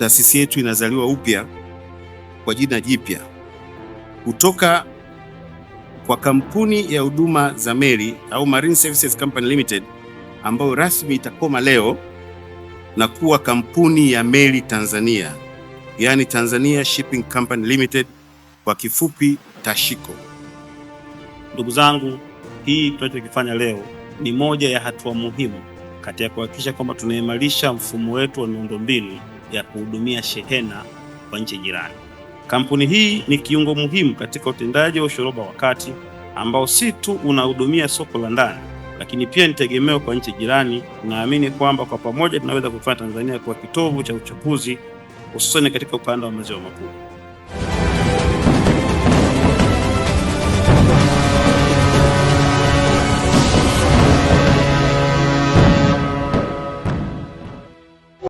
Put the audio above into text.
taasisi yetu inazaliwa upya kwa jina jipya kutoka kwa kampuni ya huduma za meli au Marine Services Company Limited ambayo rasmi itakoma leo na kuwa kampuni ya meli Tanzania, yaani Tanzania Shipping Company Limited kwa kifupi Tashiko. Ndugu zangu, hii tunachokifanya leo ni moja ya hatua muhimu katika kuhakikisha kwamba tunaimarisha mfumo wetu wa miundombinu ya kuhudumia shehena kwa nchi jirani. Kampuni hii ni kiungo muhimu katika utendaji wa ushoroba wa kati ambao si tu unahudumia soko la ndani, lakini pia ni tegemeo kwa nchi jirani. Naamini kwamba kwa pamoja tunaweza kufanya Tanzania kuwa kitovu cha uchukuzi, hususani katika upande wa maziwa makuu.